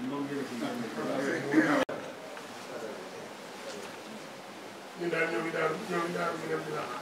ñun daal ñoo ngi daal ñoo ngi daal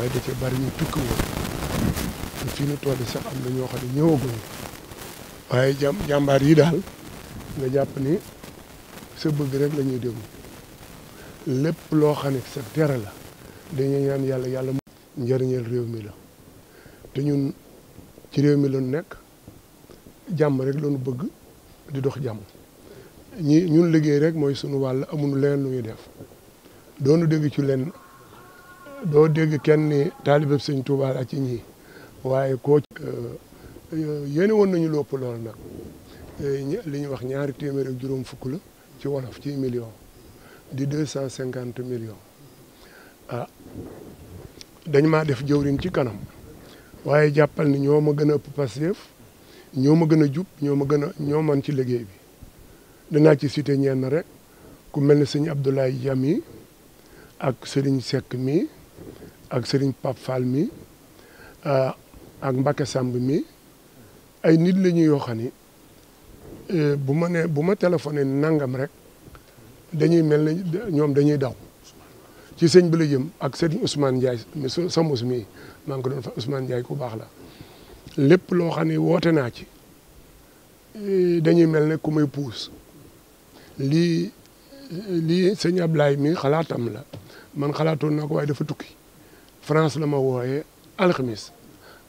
waaye da cee bari ñu tukki woon te fii nu toll sax am na ñoo xam ne ñëwaguñu waaye jàm jàmbaar yi daal nga jàpp ni sa bëgg rek lañuy ñuy lépp loo xam ne sa dara la dañuy ñaan yàlla yàlla njëriñal réew mi la te ñun ci réew mi lañu nekk jàmm rek lañu bëgg di dox jàmm ñi ñun liggéey rek mooy sunu wàll amuñu leen lu ñuy def doonu dégg ci lenn doo dégg kenn ni taalibe sëñ Touba la ci ñii waaye koo euh, euh, yéene woon nañu lopp lool nag li ñu wax ñaari téeméer ak juróom fukk la ci wolof ci million di deux cent cinquante millions ah dañ maa def jëwrin ci kanam waaye jàppal ni ñoo ma gën a ëpp Pastef ñoo ma gën a jub ñoo ma gën a ñoo man ci liggéey bi danaa ci cité ñenn rek ku mel ni sëñ Abdoulaye Jam yi ak Serigne Seck mii ak sëriñ Pape Fall mi euh, ak Mbacke Samb mii ay nit la ñuy yoo xam ni euh, bu ma nee bu ma téléphoné nangam rek dañuy mel ne ñoom dañuy daw ci sëñ bi la jëm ak Serigne Ousmane Ndiaye sambus mi maa ngi ko doon fa Ousmane Ndiaye ku baax la lépp loo xam ne woote naa ci euh, dañuy mel ne ku may puus lii lii sëñ laay mi xalaatam la man xalaatoon naa ko waaye dafa tukki France la ma wooyee alxamis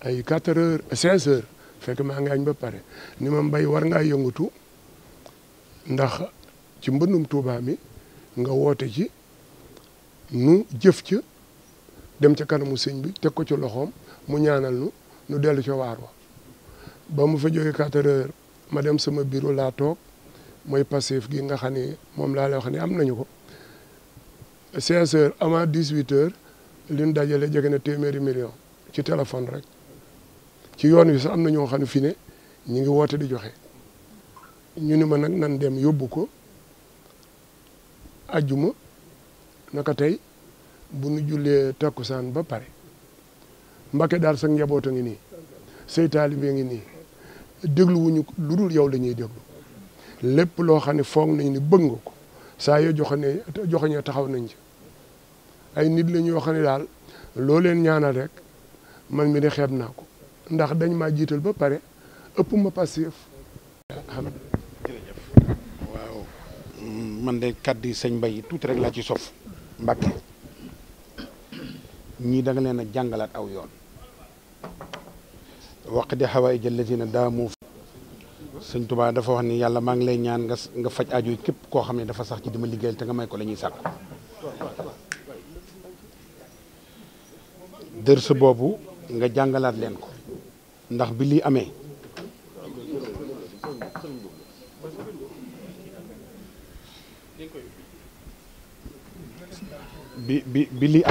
ay 4 heures 16 fekk maa ngi añ ba pare ni ma mbay war ngaa yëngatu ndax ci mbëndum Tuubaa mi nga woote ci nu jëf ca dem ca kanamu sëñ bi teg ko ci loxoom mu ñaanal nu nu dellu ca waar wa ba mu fa jógee 4 ma dem sama bureau laa toog mooy passif gii nga xam ne moom laa lay wax am nañu ko 16 heures avant 18 heures li dajale jege na téeméeri million ci téléphone rek ci yoon wi sax am na xam ne fi ne ñu ngi woote di joxe ñu ni ma nag nan dem yóbbu ko ajjuma naka tey bu nu jullee takkusaan ba pare Mbàkke daal sax njaboot a ngi nii say taalibe ngi nii dégluwuñu lu dul yow lañuy ñuy déglu lépp loo xam ne foog nañ ni bëgg nga ko saa yoo joxane joxañee taxaw nañ ci ay nit lañuy ñoo xam daal loo leen ñaanal rek man mi di xeeb naa ko ndax dañ maa jiital ba pare ëpp ma passif. jërëjëf waaw mm, man de kàddu yi sëñ Mbaye tuuti rek laa ci sof Mbàkke ñii da nga leen a jàngalaat aw yoon waqdi xawaaija allazina daamu sëñ Tuubaa dafa wax ni yàlla maa ngi lay ñaan nga nga faj aajo képp koo xam ne dafa sax ci dima liggéeyal te nga may ko la ñuy sàkk dërs boobu nga jàngalaat leen ko ndax bi lii amee bi bi bi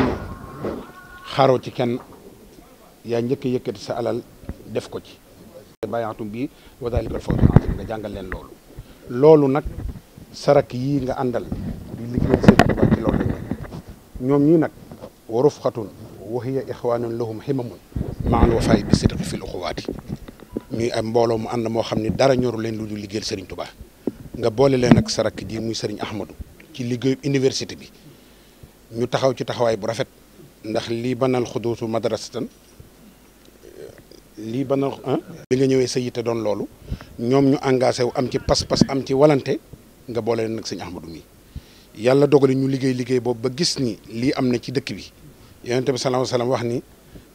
ci kenn yaa njëkk yëkkati sa alal def ko ci bàyaatum bi wadaalikal fawzul nga jàngal leen loolu loolu nag sarak yii nga àndal ñoom ñii nag waruf xatun wa hiya ixwaanun lahum himamun maan wafaay bi sidqi fil uxuwaati ñuy am mbooloo mu ànd moo xam ne dara ñoru leen lu dul liggéeyal Serigne tubaa nga boole leen ak sa rakk ji muy Serigne Ahmadou ci liggéeyu université bi ñu taxaw ci taxawaay bu rafet ndax lii banal xuduutu madrasatan lii banal ah, bi nga ñëwee sa yitte doon loolu ñoom ñu engagé wu am ci pas-pas am ci walante nga boole leen ak Serigne Ahmadou mi yàlla dogali ñu liggéey liggéey boobu ba gis ni lii am na ci dëkk bi yonent bi sallallahu alayhi wax ni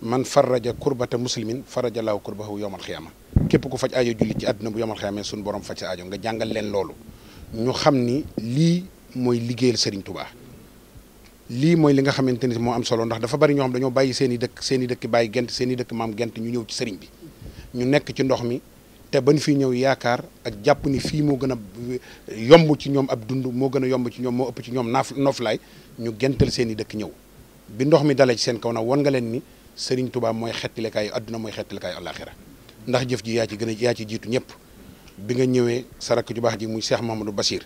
man faraja kurbata muslimin faraja laahu kurbahu yowmal xiyaama képp ku faj aajo jullit ci àdduna bu yowmal xiyaama suñu borom faj sa nga jàngal leen loolu ñu xam ni lii mooy liggéeyal Serigne Touba lii mooy li nga xamante ni moo am solo ndax dafa bari ñoo dañoo bàyyi seen i dëkk seen dëkk bàyyi gent seen dëkk maam gent ñu ñëw ci sëriñ bi ñu nekk ci ndox mi te bañ fi ñëw yaakaar ak jàpp ni fii moo gën a yomb ci ñoom ab dund moo gën a yomb ci ñoom moo ëpp ci ñoom naaf noflaay ñu gental seeni dëkk ñëw bi ndox mi dalee ci seen kaw nag wan nga leen ni Serigne Touba mooy xettilikaayu adduna mooy xettilikaayu àllaaxira ndax jëf ji yaa ci gën a yaa ci jiitu ñëpp bi nga ñëwee sarak ju baax ji muy Cheikh Mamadou Bassir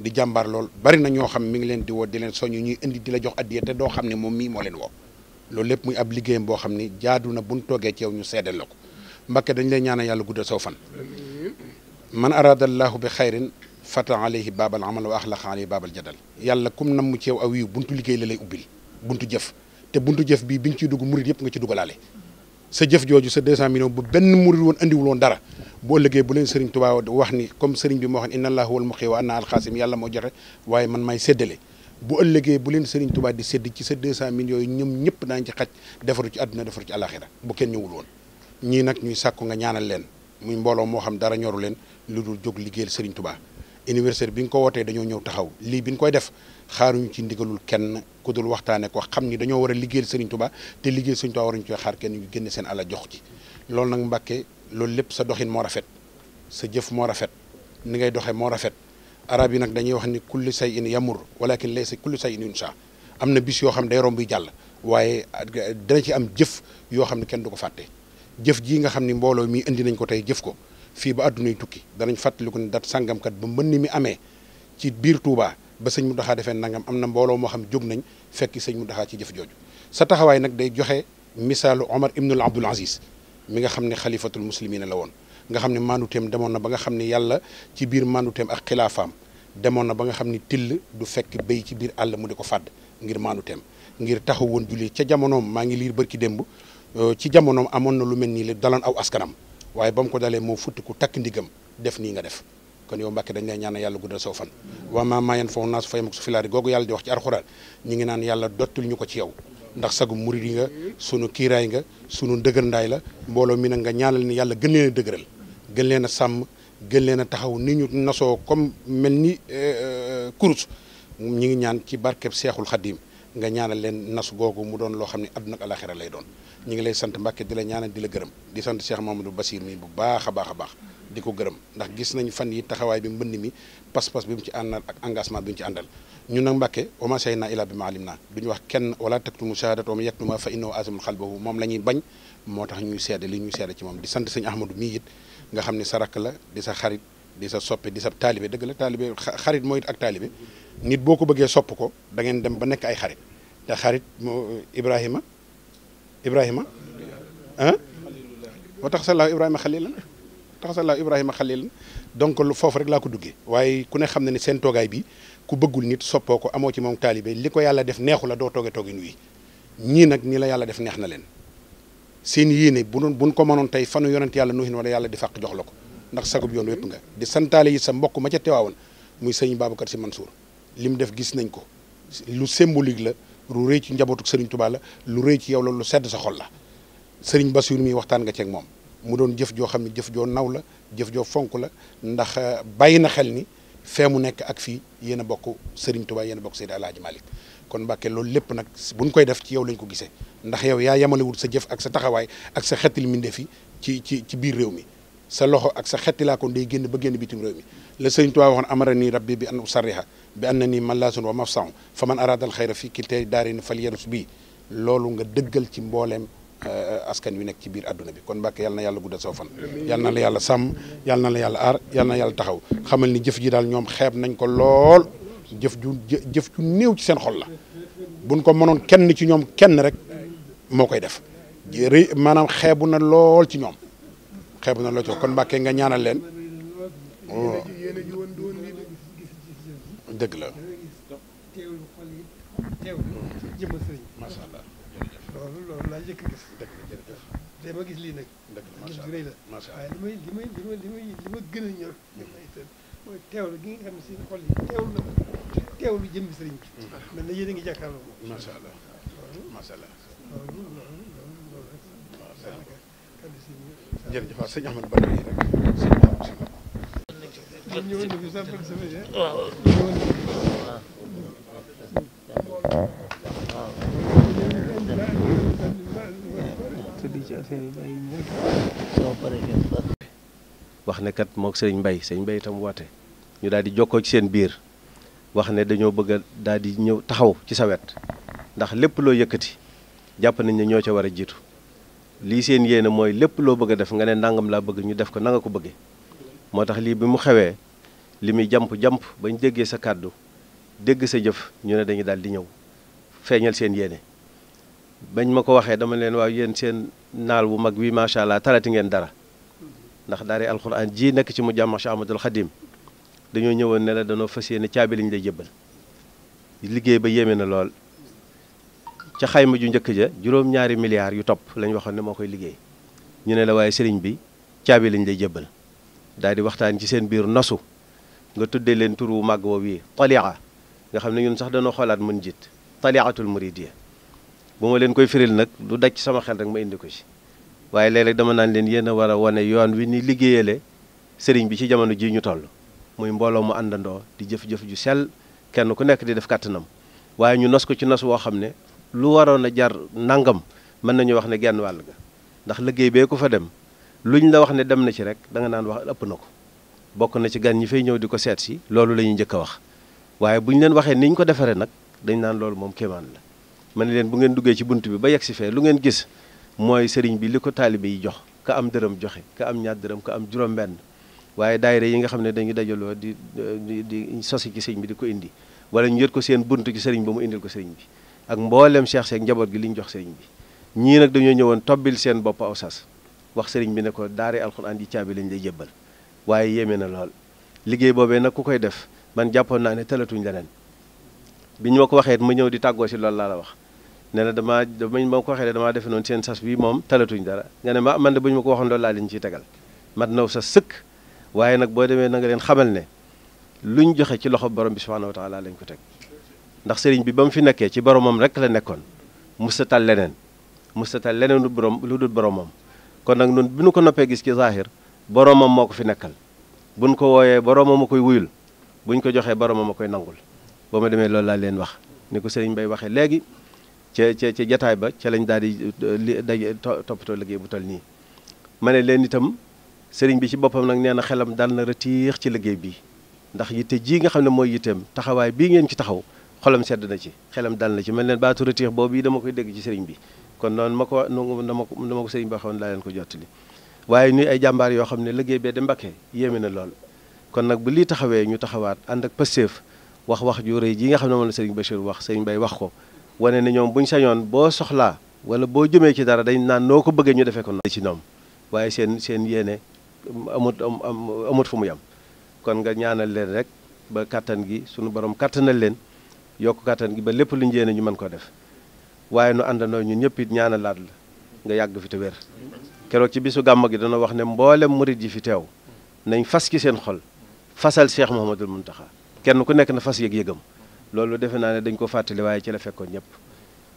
di jàmbaar lool bari na ñoo xam mi ngi leen di woo di leen soñu ñuy indi di la jox addiya te doo xam ne moom mii moo leen woo loolu lépp muy ab liggéeyam boo xam ni jaadu na buñ toogee ci yow ñu seedal la ko Mbakke dañ lay ñaanal yàlla guddal saw fan man aradallahu bi xayrin fata alayhi baabal amal wa axlaqa alayhi baabal jadal yàlla kum nam mu ci yow aw liggéey la lay ubbil buntu jëf te buntu jëf bii bi nga ciy dugg murit yëpp nga ci dugalaale sa jëf jooju sa 200 millions bu benn murit woon andiwul woon dara bu ëllëgee bu leen sëriñ Tuubaa wax ni comme sëriñ bi moo xam ne inna allaahu wal muqi wa anna alxaasim yàlla moo joxe man maay séddale bu ëllëgee bu leen sëriñ Tuubaa di sédd ci sa 200 millions yooyu ñëm ñëpp daañ ci xaj defaru ci àdduna defaru ci àlaxira bu kenn ñëwul woon ñii nag ñuy sàkku nga ñaanal leen muy mbooloo moo xam dara ñoru leen lu dul jóg liggéeyal sëriñ tubaa anniversaire bi nga ko wootee dañoo ñëw taxaw lii bi ñu koy def xaaruñu ci ndigalul kenn ku dul waxtaane ko xam ni dañoo war a liggéeyal Serigne Touba te liggéeyal Serigne Touba waruñu ci xaar kenn ñu génne seen ala jox ci loolu nag Mbàkke loolu lépp sa doxin moo rafet sa jëf moo rafet ni ngay doxee moo rafet arab yi nag dañuy wax ni kulli say in yamur walakin laysa kulli say in yunsa am na bis yoo xam day romb jàll waaye dana ci am jëf yoo xam ne kenn du ko fàtte jëf jii nga xam ni mbooloo mi indi nañ ko tey jëf ko fii ba àddunay tukki danañ fàttaliku ne dat sàngamkat ba mbënn mi amee ci biir Touba ba sëñ Muntaxa defee nangam am na mbooloo moo xam jóg nañ fekk sëñ mu Muntaxa ci jëf jooju sa taxawaay nag day joxe misaalu Omar ibnul Abdul Aziz mi nga xam ne xalifatul muslimina la woon nga xam ne manduteem demoon na ba nga xam ni yàlla ci biir manduteem ak xilaafaam demoon na ba nga xam ni till du fekk béy ci biir àll mu di ko fàdd ngir manduteem ngir taxaw woon julli ca jamonoom maa ngi liir bërki démb euh, ci jamonoom amoon na lu mel nii la daloon aw askanam waaye ba ko dalee moo futti ku takk ndigam def nii nga def kon yow Mbàkke dañ lay ñaanal yàlla guddal soo fan wa ma maayen foofu naa su fay mag su filaari googu yàlla di wax ci alxuraan ñu ngi naan yàlla dottul ñu ko ci yow ndax sagu murid yi nga sunu kiiraay nga sunu dëgërndaay la mbooloo mi nag nga ñaanal ni yàlla gën leen a dëgëral gën leen sàmm gën leen a taxaw ni ñu nasoo comme mel ni eh, eh, kurus ñi ngi ñaan ci barkeb seexul xaddiim nga ñaanal leen nas googu mu doon loo xam ne àdduna ak lay doon ñu ngi lay sant Mbàkke di la ñaanal di la gërëm di sant Cheikh Mamadou Basir mi bu baax a baax a baax di ko gërëm ndax gis nañ fan yi taxawaay bi mbënn mi pas-pas bi mu ci àndal ak engagement bi mu ci àndal ñun nag Mbàkke wa maa shahidnaa illaa bimaa alimnaa duñu wax kenn wala taktumu shahaadat wa man yaktumhaa fa innahu aazimul qalbi boobu moom la ñuy bañ moo tax ñuy seede li ñuy seede ci moom di sant sëñ Ahmadou mii it nga xam ne sa rakk la di sa xarit di sa soppe di sa taalibe dëgg la taalibe xarit mooy ak taalibe nit boo ko bëggee sopp ko da ngeen dem ba nekk ay xarit te xarit Ibrahima Ibrahima ah tax sallahu Ibrahima xalilan taxasalaahu Ibrahima Khalil donc foofu rek laa ko dugge waaye ku ne xam na ne seen toogaay bi ku bëggul nit soppoo ko amoo ci moom taalibe li ko yàlla def neexu la doo tooge toogin wi ñii nag nii la yàlla def neex na leen seen yéene bu doon buñ ko mënoon tey fanu yonent yàlla nuhin wala yàlla di fàq jox la ko ndax sagub yoon wépp nga di santaale yi sa mbokk ma ca teewaawoon muy sëñ Babacar Sy Mansour li mu def gis nañ ko lu symbolique la lu rëy ci njabootu Serigne Touba la lu rëy ci yow la lu sedd sa xol la Serigne Bassirou mi waxtaan nga ceeg moom mu doon jëf joo xam ne jëf joo naw la jëf joo fonk la ndax euh, bàyyi na xel ni fee mu nekk ak fii yéen a bokk Serigne Touba yéen bokk Seydi Alaaji Malick kon Mbàkke loolu lépp nag buñ koy def ci yow lañ ko gisee ndax yow yaa yamalewul sa jëf ak sa taxawaay ak sa xettali mbindeef yi ci ci ci biir réew mi sa loxo ak sa xettilaa kon day génn ba génn bitim réew mi la Serigne Touba waxoon amara nii rabbi bi an usarriha bi an na nii man laasun wa mafsaun fa man araadal xayra fii kiltee daari ni fal yenus bii loolu nga dëggal ci mbooleem Euh, askan wi nekk ci biir àdduna bi kon Mbàkke yàlla na yàlla guddal saw fan yàlla na la yàlla sàmm yàlla na la yàlla aar yàlla na yàlla taxaw xamal ni jëf ji daal ñoom xeeb nañ ko lool jëf ju jëf néew ci seen xol la buñ ko mënoon kenn ci ñoom kenn rek moo koy def rëy maanaam xeebu na lool ci ñoom xeebu na lool ci kon Mbàkke nga ñaanal leen oh. dëgg la njëkk a gis. dëgg la ma gis lii nag. dëgg la macha allah macha allah waaye li may li may ma gën a ñor. ñoom ay seen mooy gi nga xam ne seen xol yi la teewlu jëmmi sëriñ bi. Mm. mel na a ngi jàkkaarloo moom. macha allah macha allah. loolu loolu loolu loolu rek. macha allah kàddu si ñu. jërëjëf waaw sëñ Ahmad Badawi rek sëñ Ahmad ma. ñëwoon na fi sax bëgg sa waaw ñëwoon na fi. ci affaire yu mbay soo wax ne kat sëñ Mbay sëñ Mbay itam woote ñu daal di jokkoo ci seen biir wax ne dañoo bëgg a daal di ñëw taxaw ci sa wet ndax lépp loo yëkkati jàpp nañ ne ñoo ca war a jiitu lii seen yéene mooy lépp loo bëgg def nga ne nangam laa bëgg ñu def ko nanga ko bëggee moo tax lii bi mu xewee li muy jàmp jàmp bañ déggee sa kàddu dégg sa jëf ñu ne dañu daal di ñëw feeñal seen yéene. bañ ma ko waxee dama leen waaw yéen seen naal bu mag bi macha allah talati ngeen dara ndax daari alxuraan jii nekk ci mu jàmm Cheikh Ahmadul Xadim dañoo ñëwoon ne la danoo fas ne caabi lañu lay jëbbal liggéey ba yéeme na lool ca xayma ju njëkk ja juróom-ñaari milliards yu topp lañu waxoon ne moo koy liggéey ñu ne la waaye sëriñ bi caabi lañ lay jëbbal daal di waxtaan ci seen biir nosu nga tuddee leen turu màgg woowu yi talia nga xam ne ñun sax danoo xoolaat mën jiit taliatul muridiyya bu ma leen koy firil nag lu daj sama xel rek ma indi ko ci waaye léeg dama naan leen yéen a war wane yoon wi ni liggéeyale sëriñ bi ci jamono jii ñu toll muy mbooloo mu àndandoo di jëf-jëf ju sell kenn ku nekk di def kàttanam waaye ñu nos ko ci nos woo xam ne lu waroon a jar nangam mën nañu wax ne genn wàll ga ndax liggéey bee ku fa dem lu ñu la wax ne dem na ci rek da nga naan wax ëpp na ko bokk na ci gan ñi fay ñëw di ko seet si loolu la ñuy njëkk a wax waaye bu ñu leen waxee ni ñu ko defaree nag dañ naan loolu moom kéemaan la ma ne leen bu ngeen duggee ci bunt bi ba yegg si fee lu ngeen gis mooy sëriñ bi li ko taalibe yi jox ka am dërëm joxe ka am ñaar dërëm ka am juróom-benn waaye daayira yi nga xam ne dañuy dajaloo di di sosi ci sëriñ bi di ko indi wala ñu jot ko seen bunt ci sëriñ ba mu indil ko sëriñ bi ak mboolem Cheikh Seck njaboot gi li ñu jox sëriñ bi ñii nag dañoo ñëwoon tobbil seen bopp aw sas wax sëriñ bi ne ko daare alxuraan yi caabi lañ day jébbal waaye yéeme na lool liggéey boobee nag ku koy def man jàppoon naa ne talatuñ leneen bi ñu ko waxee ma ñëw di tàggoo si loolu laa la wax ne damaa bañ ma ko waxee damaa defe noonu seen sas bi moom talatuñ dara ne ma man de bu ñu ko waxoon loolu laa leen ciy tegal mat sa sëkk waaye nag demee na nga leen xamal ne luñ joxe ci loxo borom bi subhanahu wa taala lañ ko teg ndax sëriñ bi ba mu fi nekkee ci boromam rek la nekkoon mustatal leneen mustatal leneen lu borom lu dul boromam kon nag nun bi nu ko noppee gis ci zahir boromam moo ko fi nekkal buñ ko wooyee boromam a koy wuyul bu ñu ko joxee boromam a koy nangul ba ma demee loolu laa leen wax ni ko sëriñ bay waxee léegi ca ca ca jataay ba ca lañ daal di euh, li daje toppatoo liggéey bu toll nii ma ne leen itam sëriñ bi ci boppam nag nee na xelam dal na retiix ci liggéey bi ndax yitte jii nga xam ne mooy yitteem taxawaay bii ngeen ci taxaw xolam sedd na ci xelam dal na ci man leen baatu retiix yi dama koy dégg ci sëriñ bi kon noonu ma ko dama ko dama ko sëriñ bi waxoon laa leen ko jottali waaye ñuy ay jàmbaar yoo xam ne liggéey bee de Mbakke yéeme na lool kon nag bu lii taxawee ñu taxawaat ànd ak Pastef wax wax ju rëy ji nga xam ne moom la sëriñ Bachir wax sëriñ Bay wax ko wane ne ñoom buñ sañoon boo soxlaa wala boo jëmee ci dara dañ naan noo ko bëggee ñu defee ko noonu ci ñoom waaye seen seen yéene amut amut fu mu yam kon nga ñaanal leen rek ba kattan gi sunu borom kattanal leen yokk kattan gi ba lépp luñ yéene ñu mën koo def waaye nu àndandoo ñun ñëpp it ñaanalaat la nga yàgg fi te wér keroog ci bisu gàmm gi dana wax ne mboolem murit yi fi teew nañ fas ci seen xol fasal Cheikh Mouhamadul Mountakha kenn ku nekk na fas yëg-yëgam loolu defe naa ne dañ ko fàttali waaye ci la fekkoon ñëpp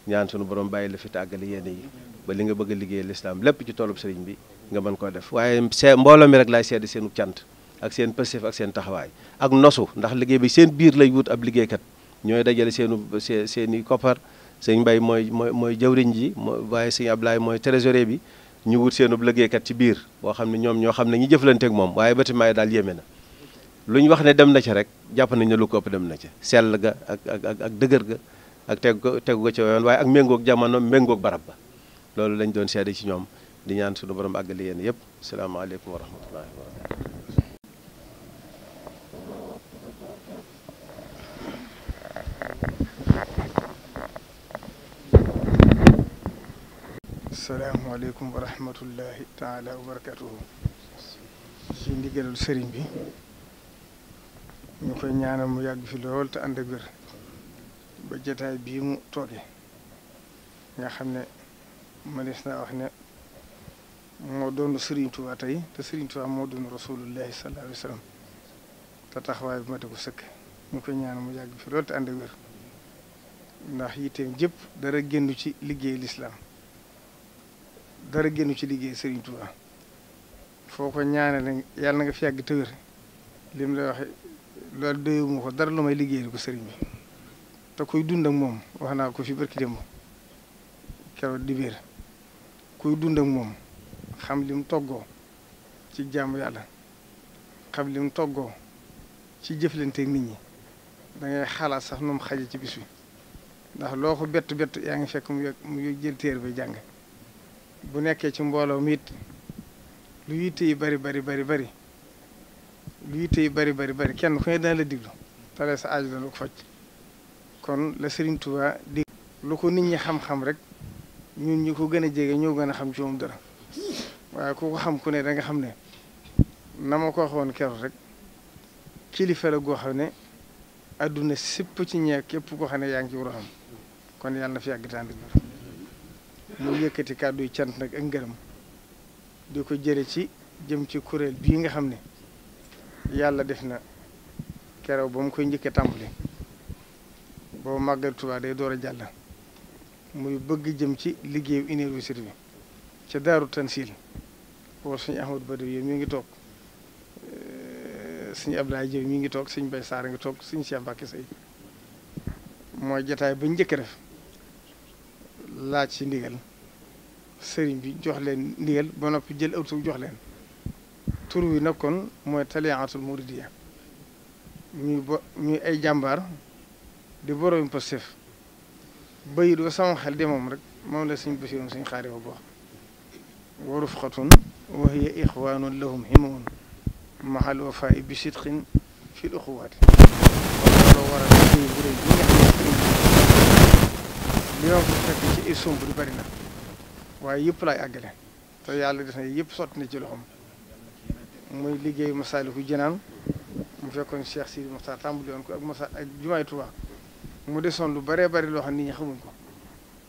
ñaan sunu borom bàyyi la fi tàggale yéen yi ba li nga bëgg a liggéey lislaam lépp ci toolu sëriñ bi nga mën koo def waaye see mbooloo mi rek laay seede seenu cant ak seen pasif ak seen taxawaay ak nosu ndax liggéey bi seen biir lay wut ab liggéeykat ñooy dajale seenu see seen koppar sëñ Mbay mooy mooy mooy jawriñ ji waaye ab laay mooy trésorier bi ñu wut seenub liggéeykat ci biir boo xam ne ñoom ñoo xam ne ñu jëflanteek moom waaye batimaay daal yéeme na lu ñu wax ne dem na ca rek jàpp nañ ne lu ko ëpp dem na ca sell ga ak ak ak dëgër ga ak tegu ko tegu ko ca yoon ak méngoog jamono méngoog barab ba loolu lañ doon seede ci ñoom di ñaan suñu borom àggali yéen yëpp salaamaaleykum wa rahmatullahi wa barakatu salaamaaleykum ci ndigalul sëriñ bi ñu koy ñaanal mu yàgg fi lool te ànd ak wér ba jotaay bii mu tooge nga xam ne mënees naa wax ne moo doon Serigne Touba tey te Serigne Touba moo doon rasulullahi sallallahu alayhi wa sallam te taxawaay bu ma ko sëkk ñu koy ñaanal mu yàgg fi lool te ànd ak wér ndax yitteem jëpp dara génnu ci liggéey lislaam dara génnu ci liggéey Serigne Touba foo ko ñaanale yàlla na nga fi yàgg te wér lim lay waxe loolu doyuma ko dara lu may liggéeyal ko sëriñ bi te kuy dund ak moom wax naa ko fi bërki démb keroog di biir kuy dund ak moom xam lim toggoo ci jaamu yàlla xam lim toggoo ci jëflante nit ñi da xalaat sax nu mu xaje ci bis bi ndax loo ko bett bett yaa ngi fekk mu mu jël téer ba jàng bu nekkee ci mbooloo mi it lu yitte yi bari bari bari bari lii tey bari bari bari kenn ku ne daan la diglu tale sa aaj dana ko faj kon la Sëriñ Tuubaa dig lu ko nit ñi xam-xam rek ñun ñi ko gën a jege ñoo gën a xam ci woom dara waaye ku ko xam ku ne da xam ne na ma ko waxoon keroog rek kilifa la goo xam ne adduna sipp ci ñeek képp koo xam ne yaa ngi ci war a xam kon yàlla na fi yàgg tànn mu yëkkati kàddu yu cant nag ak ngërëm di ko jële ci jëm ci kuréel bii nga xam ne yàlla def na keroog ba mu koy njëkkee tàmbali boobu màggal Tuubaa day door a jàll muy bëgg jëm ci liggéeyu université bi ca daaru tansil boobu suñu ba Badaw yi mi ngi toog suñu Abdoulaye Diop mi ngi toog suñu Bay Saar ngi toog suñu Cheikh Mbacke Seye mooy jataay ba njëkk def laaj ci ndigal sëriñ bi jox leen ndigal ba noppi jël ëpp jox leen tur wi nag kon mooy taliatul muridiya ñuy bo ñuy ay jàmbaar di borom Pastef bayit ba sama xel di moom rek moom la suñ basirum suñ xaari ba boox wa rufqatun wa hiya ixwanun lahum himamun mahal wafaai bi sidqin fi l uxuwaati wala waral suñu buré bi nga xam ne li ma fekk ci ay somb di bari na waaye yëpp laay àggale te yàlla def na yëpp sotti na ci loxoom muy liggéey Masaalikul Jinaan mu fekkoon Cheikh Sidi Moxtaar tàmbali woon ko ak Massa ak Jumaay Tuubaa mu desoon lu baree bari loo xam nit ñi xamuñ ko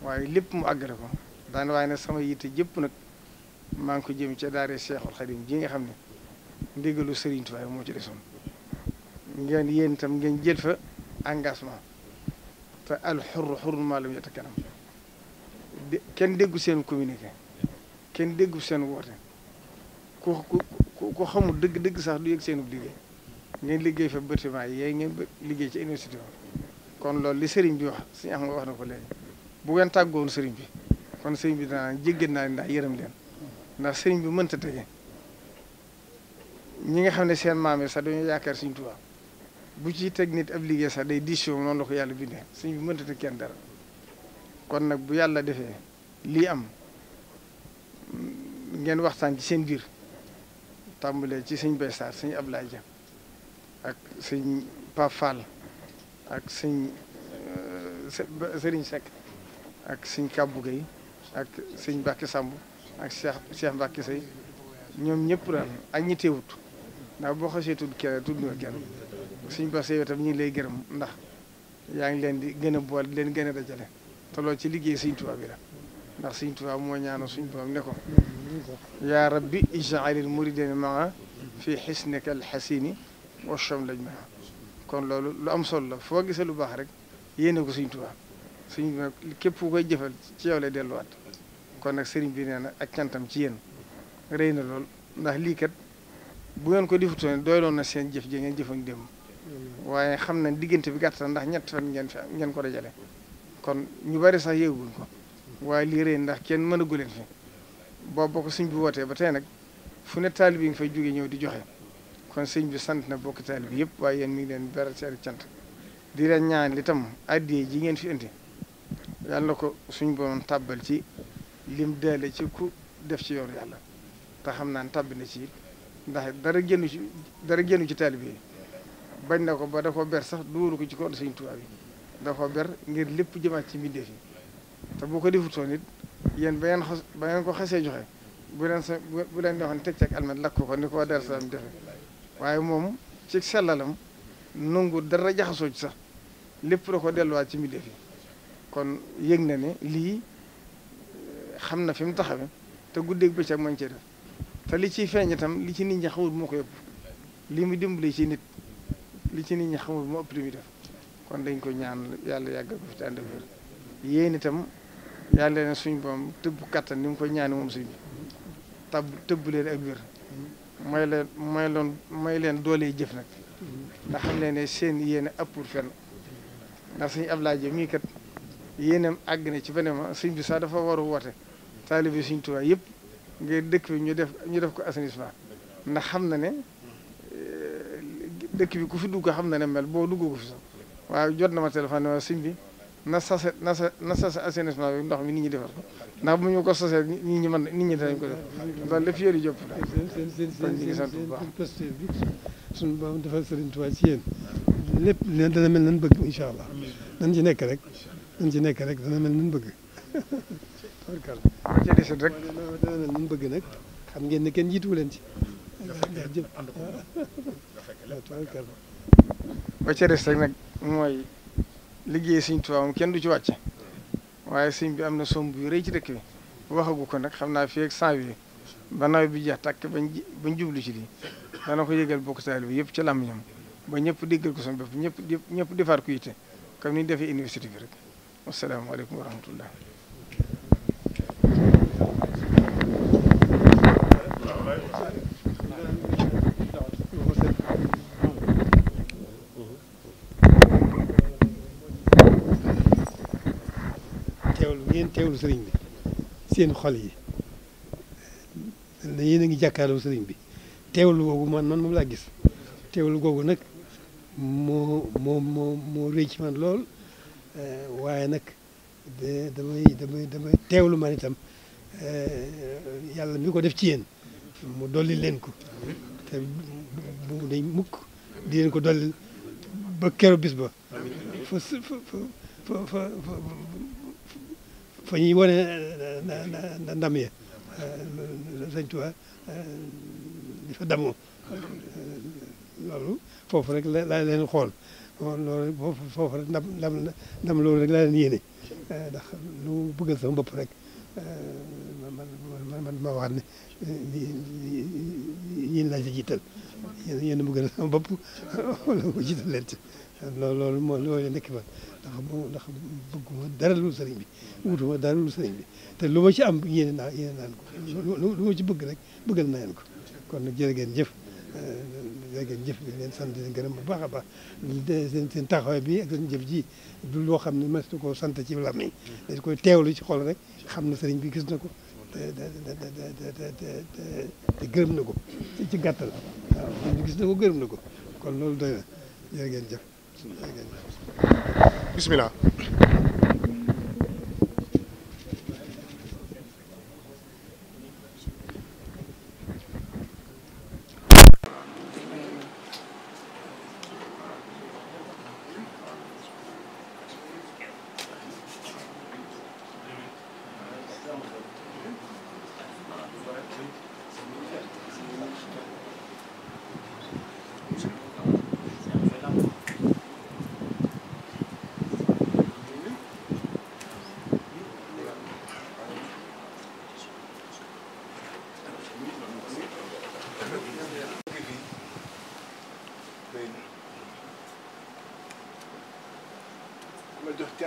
waaye lépp mu àggale ko daan waaye nag sama yitte jëpp nag maa ngi ko jëm ci daare Cheikhul Xadim ji nga xam ne ndigalu Serigne Touba moo ci desoon ngeen yéen itam ngeen jël fa engagement te al xurru xurru maa lam kenn déggu seen communiqué kenn déggu seen woote ku ko xamul dëgg-dëgg sax du yëg seenub liggéey ngeen liggéey fa bâtiment yi yéen ngeen liggéey ci université kon loolu li sëriñ bi wax suñu am wax na ko léegi bu ngeen tàggoon sëriñ bi kon sëriñ bi danaa jéggal naa leen ndax leen ndax sëriñ bi mënta tege ñi nga xam ne seen maam yi sax dañoo yaakaar suñu Tuubaa bu ci teg nit ab liggéey sax day diisoo noonu la ko yàlla bindee sëriñ bi mënta teg kenn dara kon nag bu yàlla defee lii am ngeen waxtaan ci seen biir tàmbalee ci sëñ Bay Saar sëñ Ablaye ak sëñ Pape Fall ak sëñ euh, Sëriñ Seck ak sëñ Kabou Gueye ak sëñ Mbacke Samb ak seex seex Mbacke Sey ñoom ñëpp daal ak ñi teewut ndax boo xasee tudd kenn tudd nga kenn suñ base yow tam ñu ngi lay gërëm ndax yaa ngi leen di gën a bool di leen gën a dajale te loolu ci liggéey Sëñ Tuubaa bi la ndax siñ Tuubaa moo ñaanoo suñu borom ne ko mm-hmm. yaa rabbi ijaalil muridina maa fi xisnika alxasini wa cham lañ maa kon loolu lu am solo la foo gisee lu baax rek yéene ko Sëriñ Tuubaa suñ képp ku koy jëfal ci yow lay delluwaat kon nag sëriñ bi nee na ak cantam ci yéen rëy na lool ndax lii kat bu ngeen ko defutoon doyloon na seen jëf jee ngeen jëfoon démb mm-hmm. waaye xam na diggante bi gàtt na ndax ñett fan ngeen fi ngeen ko dajale kon ñu bari sax yéeguñ ko waaye liire rëy ndax kenn mën a guleen fi boobu ko sëñ bi wootee ba tey nag fu ne taalibe yi nga fay jóge ñëw di joxe kon sëñ bi sant na bokk taalibe yëpp waaye yéen mi ngi leen beral seen cant di leen ñaan li tam addiye ji ngeen fi indi yàlla na ko suñ borom tàbbal ci lim deele ci ku def ci yoonu yàlla te xam naa ne tàbbi na ci ndax dara génnu ci dara ci taalibe yi bañ na ko ba da ko ber sax duuru ko ci kaw Sëñ Tuubaa bi da ko ber ngir lépp jëmaat ci mbindeef yi te boo ko defutoon it yéen ba ngeen ko xesee joxe bu leen sa bu leen neexoon teg ceeg almet lakk ko ni ko Darou Salaam defe waaye moom ci sellalam nangu dara jaxasoo ci sax lépp da ko delluwaat ci mbindeef yi kon yëg na ne lii eh, xam na fi mu taxawe te guddeeg bëccëg ma ngi cee def te li ciy feeñ itam li ci nit ñi xamul moo ko yëpp lii mu dimbali ci nit li ci nit ñi xamul moo ëpp li def kon dañ ko ñaan yàlla yàggal ko fi te ànd itam. yàlla leen suñ boom tëbb kattan ni mu ko ñaani moom suñ tab tëbb leen ak wér may leen may loon may leen doole jëf nag ndax xam leen ne seen yéene appur fenn ndax suñu ab laajo mii kat yéenam àgg na ci beneen ma suñ bi sax dafa war a woote taalibi suñ tuwaay yëpp ngir dëkk bi ñu def ñu def ko assainissement ndax xam na ne eh, dëkk bi ku fi dugg xam na ne mel boo dugg ko fi sax waaye jot na ma téléphone ne ma suñ bi na sase na sa na sase assainissement bi ndox mi nit ñi defar ndax bu ñu ko sasee nit ñi mën nit ñi danañ ko def loolu lépp yéen i jóg. seen seen seen sant bu baax posté bi suñu borom defal Serigne Touba ci yéen lépp dana mel nan bëgg incha allah nan ci nekk rek nan ci nekk rek dana mel nan bëgg. tabarkalla ci desit rek dana mel nan bëgg nag xam ngeen ne kenn jiituwu leen ci. jërëjëf waaw tabarkalla ba ca des rek nag mooy. liggéey Sëñ Tuubaa moom kenn du ci wàcce waaye sëñ bi am na somb yu rëy ci dëkk bi waxagu ko nag xam naa fii ak cent bi ba nawet bi jeex takk bañ bañ jublu ci lii na ko yëgal bokk taal bi yëpp ci làmm ñoom ba ñëpp déggal ko sama bopp ñëpp ñëpp defaat ko yitte comme ni ñu defee université bi rek wasalaamaaleykum wa rahmatullah teewlu sëriñ bi seen xol yi yéen a ngi jàkkaarloo sëriñ bi teewlu googu man man moom laa gis teewlu googu nag moo moo moo moo rëy man lool eh, waaye nag damay damay damay teewlu man itam eh, yàlla mi ko def ci yéen mu dolli leen ko te bu dañ mukk di leen ko dolli ba keroog bis ba fa fa Euh, euh, fa ñuy wanee ndam ya euh, sëñ loolu foofu rek laa leen xool loolu foofu rek ndam ndam ndam loolu rek laa leen yéene ndax lu mu bëggal sama rek ma wax ne yéen laa ci jiital yéen yéen a ma gën loolu moo loolu nekk man ndax mu ndax bëgguma dara lu sëriñ bi wutuma dara lu sëriñ bi te lu ma ci am yéene naa yéene ko lu ma ci bëgg rek bëggal naa leen ko kon nag jërë jëf eh, jërë ngeen jëf di leen sant gërëm bu baax a baax seen seen bi ak seen ji du loo xam ne mas na koo sant ci làmmiñ dañ koy teewlu ci xol rek xam na sëriñ bi gis na ko te na ko ci gàttal waaw gis na ko gërëm na ko kon loolu doy na jërë jëf bismillah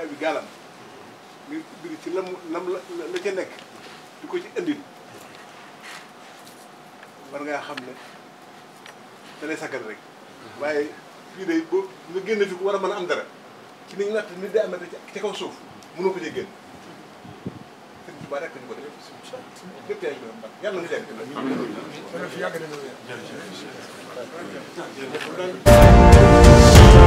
ay bi gaalam ngir ci la lam la la ca nekk di ko ci indil war ngaa xam ne da lay sakkan rek waaye fii de boo nga génn fi war a mën a am dara ci ni ñu natt nit day amate ca kaw suuf mënoo ko cee génn ko def lépp yaay ñoom yàlla yàgg na